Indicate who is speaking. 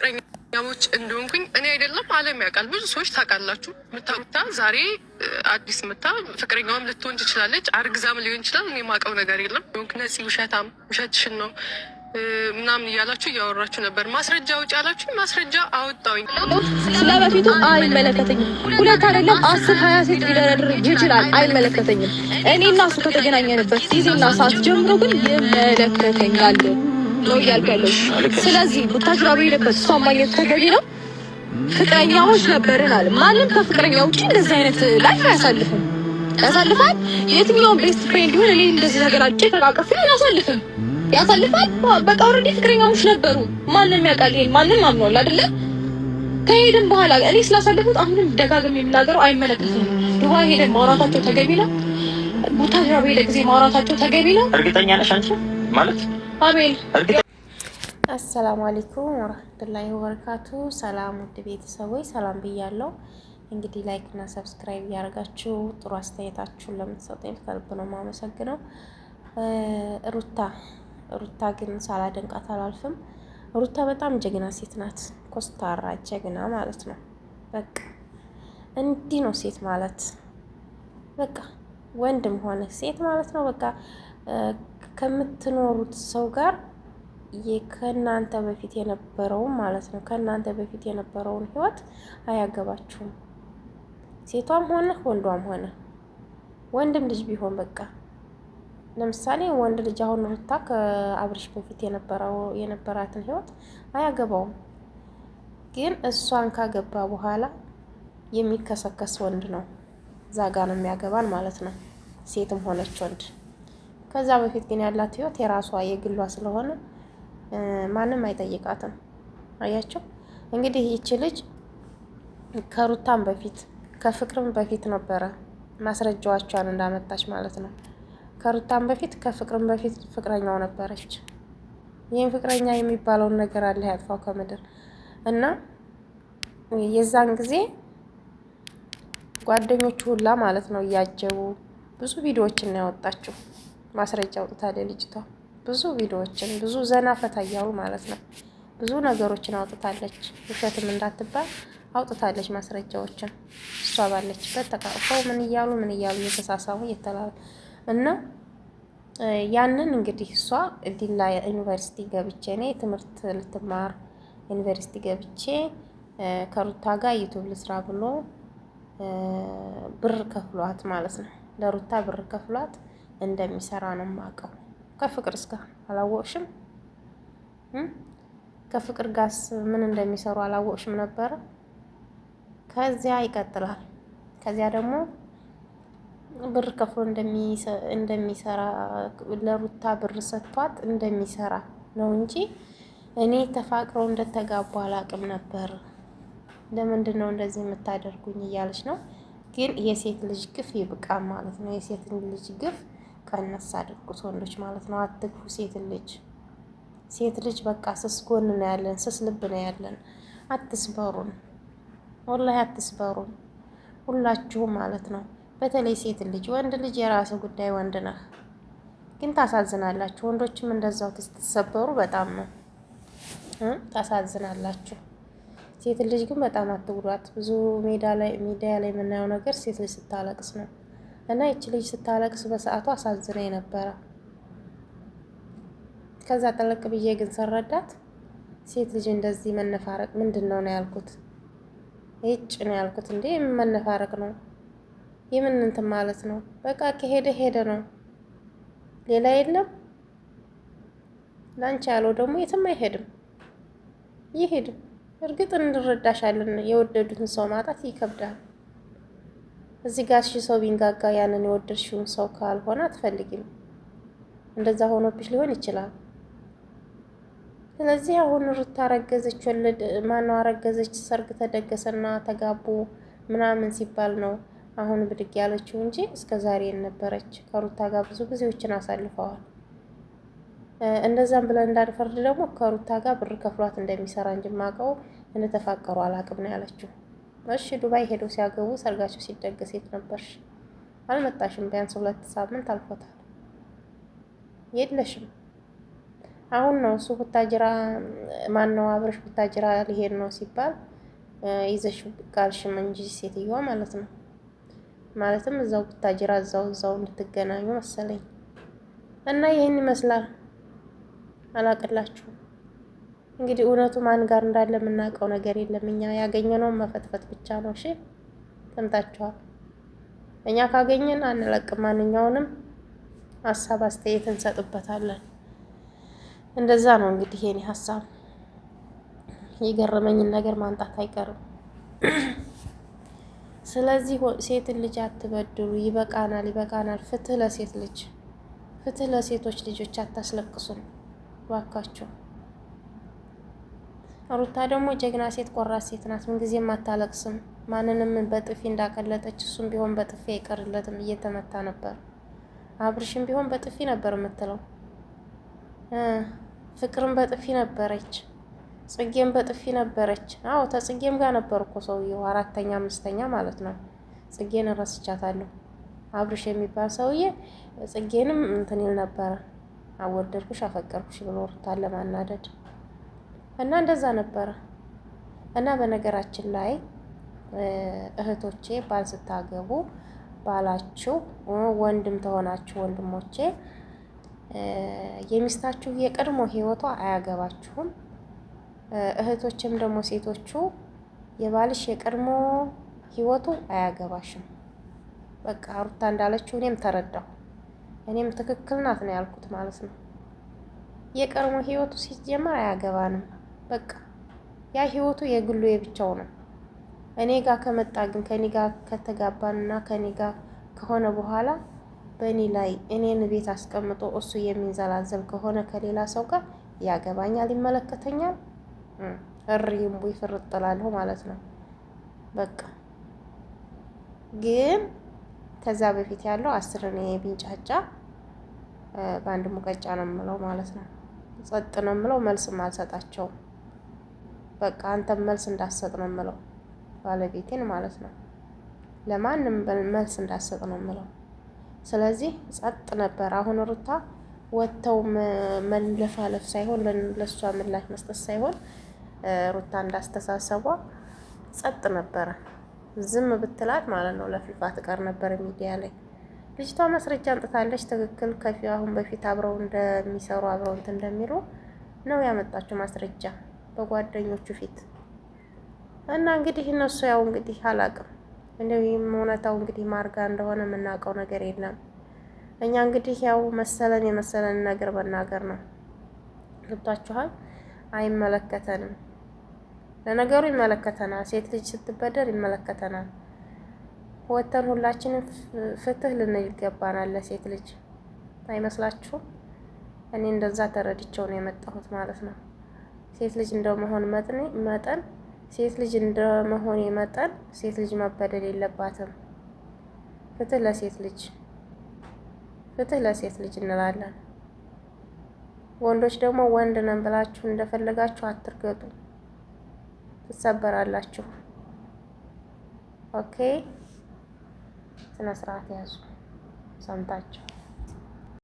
Speaker 1: ፍቅረኛሞች እንደሆንኩኝ እኔ አይደለም ዓለም ያውቃል። ብዙ ሰዎች ታውቃላችሁ። ምታታ ዛሬ አዲስ ምታ ፍቅረኛውም ልትሆን ትችላለች። አርግዛም ሊሆን ይችላል። እኔ የማውቀው ነገር የለም። ነፂ ውሸታም፣ ውሸትሽን ነው ምናምን እያላችሁ እያወራችሁ ነበር። ማስረጃ ውጭ ያላችሁ ማስረጃ አወጣውኝ።
Speaker 2: ስለ በፊቱ አይመለከተኝም። ሁለት አይደለም አስር ሀያ ሴት ሊደረድር ይችላል። አይመለከተኝም። እኔ እና እሱ ከተገናኘንበት ጊዜና ሰዓት ጀምሮ ግን ይመለከተኛል። ነው እያልኩ ያለው። ስለዚህ ቡታጅራ በሄደበት እሷን ማግኘት ተገቢ ነው። ፍቅረኛዎች ነበርን አለ። ማንም ከፍቅረኛ ውጭ እንደዚህ አይነት ላይፍ አያሳልፍም። ያሳልፋል የትኛውን ቤስት ፍሬንድ ይሁን እኔ እንደዚህ ነገር አጭ ተቃቀፍ ያሳልፍም ያሳልፋል። በቃ ኦልሬዲ ፍቅረኛዎች ነበሩ። ማንም ያውቃል ይሄን፣ ማንም አምኗል አይደለ? ከሄድን በኋላ እኔ ስላሳልፉት አሁንም ደጋግም የሚናገረው አይመለከትም። ዱባይ ሄደን ማውራታቸው ተገቢ ነው። ቡታጅራ በሄደ ጊዜ ማውራታቸው ተገቢ ነው።
Speaker 3: እርግጠኛ ነሽ አንቺ ማለት
Speaker 4: አሰላሙ አለይኩም ወራህመቱላሂ ወበረካቱ። ሰላም ውድ ቤተሰቦች ሰላም ብያለሁ። እንግዲህ ላይክ እና ሰብስክራይብ እያደረጋችሁ ጥሩ አስተያየታችሁን ለምትሰጡኝ ከልብ ነው የማመሰግነው። ሩታ ሩታ ግን ሳላደንቃት አላልፍም። ሩታ በጣም ጀግና ሴት ናት፣ ኮስታራ ጀግና ማለት ነው። በቃ እንዲህ ነው ሴት ማለት በቃ ወንድም ሆነ ሴት ማለት ነው በቃ ከምትኖሩት ሰው ጋር ከእናንተ በፊት የነበረውን ማለት ነው ከእናንተ በፊት የነበረውን ህይወት አያገባችሁም። ሴቷም ሆነ ወንዷም ሆነ ወንድም ልጅ ቢሆን በቃ ለምሳሌ ወንድ ልጅ አሁን ሩታ ከአብርሽ በፊት የነበረው የነበራትን ህይወት አያገባውም። ግን እሷን ካገባ በኋላ የሚከሰከስ ወንድ ነው እዛ ጋ ነው የሚያገባን ማለት ነው ሴትም ሆነች ወንድ ከዛ በፊት ግን ያላት ህይወት የራሷ የግሏ ስለሆነ ማንም አይጠይቃትም። አያቸው እንግዲህ ይቺ ልጅ ከሩታም በፊት ከፍቅርም በፊት ነበረ ማስረጃዎቿን እንዳመጣች ማለት ነው። ከሩታም በፊት ከፍቅርም በፊት ፍቅረኛው ነበረች። ይህም ፍቅረኛ የሚባለውን ነገር አለ ያጥፋው ከምድር እና የዛን ጊዜ ጓደኞቹ ሁላ ማለት ነው እያጀቡ ብዙ ቪዲዮዎችን ነው ያወጣችው። ማስረጃ አውጥታለች ልጅቷ። ብዙ ቪዲዮዎችን ብዙ ዘና ፈታ እያሉ ማለት ነው ብዙ ነገሮችን አውጥታለች። ውሸትም እንዳትባል አውጥታለች ማስረጃዎችን። እሷ ባለችበት ተቃቅፈው ምን እያሉ ምን እያሉ እየተሳሳሙ እየተላሉ እና ያንን እንግዲህ እሷ ዲላ ዩኒቨርሲቲ ገብቼ እኔ ትምህርት ልትማር ዩኒቨርሲቲ ገብቼ ከሩታ ጋር ዩቱብ ልስራ ብሎ ብር ከፍሏት ማለት ነው ለሩታ ብር ከፍሏት እንደሚሰራ ነው የማውቀው። ከፍቅር እስከ አላወቅሽም? ከፍቅር ጋስ ምን እንደሚሰሩ አላወቅሽም ነበረ? ከዚያ ይቀጥላል። ከዚያ ደግሞ ብር ከፍሎ እንደሚሰራ ለሩታ ብር ሰጥቷት እንደሚሰራ ነው እንጂ እኔ ተፋቅረው እንደተጋቡ አላቅም ነበር። ለምንድን ነው እንደዚህ የምታደርጉኝ እያለች ነው። ግን የሴት ልጅ ግፍ ይብቃ ማለት ነው። የሴት ልጅ ግፍ ቀነስ አድርጉት ወንዶች ማለት ነው። አትግፉ ሴት ልጅ ሴት ልጅ በቃ ስስ ጎን ነው ያለን፣ ስስ ልብ ነው ያለን። አትስበሩን፣ ወላሂ አትስበሩን፣ ሁላችሁም ማለት ነው። በተለይ ሴት ልጅ፣ ወንድ ልጅ የራሱ ጉዳይ ወንድ ነህ፣ ግን ታሳዝናላችሁ። ወንዶችም እንደዛው ስትሰበሩ በጣም ነው ታሳዝናላችሁ። ሴት ልጅ ግን በጣም አትጉዷት። ብዙ ሜዳ ላይ ሚዲያ ላይ የምናየው ነገር ሴት ልጅ ስታለቅስ ነው። እና ይች ልጅ ስታለቅስ በሰዓቱ አሳዝነ የነበረ ከዛ ጠለቅ ብዬ ግን ስረዳት ሴት ልጅ እንደዚህ መነፋረቅ ምንድን ነው ነው ያልኩት። ይጭ ነው ያልኩት። እንዴ የምን መነፋረቅ ነው? የምን እንትን ማለት ነው? በቃ ከሄደ ሄደ ነው፣ ሌላ የለም። ላንቺ ያለው ደግሞ የትም አይሄድም፣ ይሄድ። እርግጥ እንረዳሻለን። የወደዱትን ሰው ማጣት ይከብዳል። እዚህ ጋር እሺ ሰው ቢንጋጋ ያንን የወደድሽውን ሰው ካልሆነ አትፈልጊም። እንደዛ ሆኖብሽ ሊሆን ይችላል። ስለዚህ አሁን ሩታ አረገዘች፣ ወለድ ማነው አረገዘች፣ ሰርግ ተደገሰና ተጋቡ ምናምን ሲባል ነው አሁን ብድግ ያለችው እንጂ እስከ ዛሬ የነበረች ከሩታ ጋር ብዙ ጊዜዎችን አሳልፈዋል። እንደዛም ብለን እንዳንፈርድ ደግሞ ከሩታ ጋር ብር ከፍሏት እንደሚሰራ እንጂ ማቀው እንደተፋቀሩ አላቅም ነው ያለችው። እሺ ዱባይ ሄደው ሲያገቡ ሰርጋቸው ሲደገስ የት ነበርሽ? አልመጣሽም። ቢያንስ ሁለት ሳምንት አልፎታል። የለሽም። አሁን ነው እሱ ቡታጅራ ማን ነው አብረሽ ቡታጅራ ሊሄድ ነው ሲባል ይዘሽ ቃልሽም እንጂ ሴትዮዋ ማለት ነው ማለትም እዛው ቡታጅራ እዛው እዛው እንድትገናኙ መሰለኝ እና ይህን ይመስላል። አላቅላችሁም እንግዲህ እውነቱ ማን ጋር እንዳለ የምናውቀው ነገር የለም። እኛ ያገኘነውን መፈትፈት ብቻ ነው። እሺ ሰምታችኋል። እኛ ካገኘን አንለቅም። ማንኛውንም ሀሳብ አስተያየት እንሰጥበታለን። እንደዛ ነው እንግዲህ የኔ ሀሳብ። የገረመኝን ነገር ማንጣት አይቀርም። ስለዚህ ሴትን ልጅ አትበድሉ። ይበቃናል፣ ይበቃናል። ፍትህ ለሴት ልጅ፣ ፍትህ ለሴቶች ልጆች። አታስለቅሱን ባካችሁ። ሩታ ደግሞ ጀግና ሴት ቆራ ሴት ናት። ምንጊዜም አታለቅስም። ማንንም በጥፊ እንዳቀለጠች እሱም ቢሆን በጥፊ አይቀርለትም። እየተመታ ነበር። አብርሽም ቢሆን በጥፊ ነበር የምትለው። ፍቅርም በጥፊ ነበረች። ጽጌም በጥፊ ነበረች። አዎ ተጽጌም ጋር ነበር እኮ ሰውየው፣ አራተኛ አምስተኛ ማለት ነው። ጽጌን እረስቻታለሁ። አብርሽ የሚባል ሰውዬ ጽጌንም እንትን ይል ነበረ፣ አወደድኩሽ፣ አፈቀርኩሽ ብሎ ሩታን ለማናደድ እና እንደዛ ነበረ እና በነገራችን ላይ እህቶቼ ባል ስታገቡ ባላችሁ ወንድም ተሆናችሁ ወንድሞቼ የሚስታችሁ የቀድሞ ህይወቷ አያገባችሁም። እህቶችም ደግሞ ሴቶቹ የባልሽ የቀድሞ ህይወቱ አያገባሽም። በቃ ሩታ እንዳለችው እኔም ተረዳሁ። እኔም ትክክል ናት ነው ያልኩት ማለት ነው። የቀድሞ ህይወቱ ሲጀመር አያገባንም። በቃ ያ ህይወቱ የግሉ የብቻው ነው። እኔ ጋር ከመጣ ግን ከኔ ጋር ከተጋባንና ከኔ ጋር ከሆነ በኋላ በእኔ ላይ እኔን ቤት አስቀምጦ እሱ የሚንዘላዘል ከሆነ ከሌላ ሰው ጋር ያገባኛል፣ ይመለከተኛል፣ እሪም ቡይ ማለት ነው። በቃ ግን ከዛ በፊት ያለው አስር እኔ ቢንጫጫ በአንድ ሙቀጫ ነው የምለው ማለት ነው። ጸጥ ነው የምለው፣ መልስም አልሰጣቸውም። በቃ አንተ መልስ እንዳሰጥ ነው የምለው ባለቤቴን ማለት ነው። ለማንም መልስ እንዳሰጥ ነው የምለው። ስለዚህ ጸጥ ነበር። አሁን ሩታ ወጥተው መለፋለፍ ሳይሆን ለእሷ ምላሽ መስጠት ሳይሆን ሩታ እንዳስተሳሰቧ ጸጥ ነበረ። ዝም ብትላት ማለት ነው ለፍልፋ ትቀር ነበር ሚዲያ ላይ። ልጅቷ ማስረጃ እንጥታለች። ትክክል ከፊ አሁን በፊት አብረው እንደሚሰሩ አብረው እንደሚሉ ነው ያመጣችው ማስረጃ በጓደኞቹ ፊት እና እንግዲህ እነሱ ያው እንግዲህ አላቅም እንደዚህም እውነታው እንግዲህ ማርጋ እንደሆነ የምናውቀው ነገር የለም። እኛ እንግዲህ ያው መሰለን የመሰለን ነገር መናገር ነው። ገብቷችኋል? አይመለከተንም። ለነገሩ ይመለከተናል። ሴት ልጅ ስትበደር ይመለከተናል። ወተን ሁላችንም ፍትህ ልንል ይገባናል ለሴት ልጅ አይመስላችሁም? እኔ እንደዛ ተረድቼው ነው የመጣሁት ማለት ነው። ሴት ልጅ እንደመሆን መጠን ሴት ልጅ እንደመሆን መጠን ሴት ልጅ መበደል የለባትም። ፍትህ ለሴት ልጅ ፍትህ ለሴት ልጅ እንላለን። ወንዶች ደግሞ ወንድ ነን ብላችሁ እንደፈለጋችሁ አትርገጡ፣ ትሰበራላችሁ። ኦኬ፣ ስነ ስርዓት ያዙ ሰምታችሁ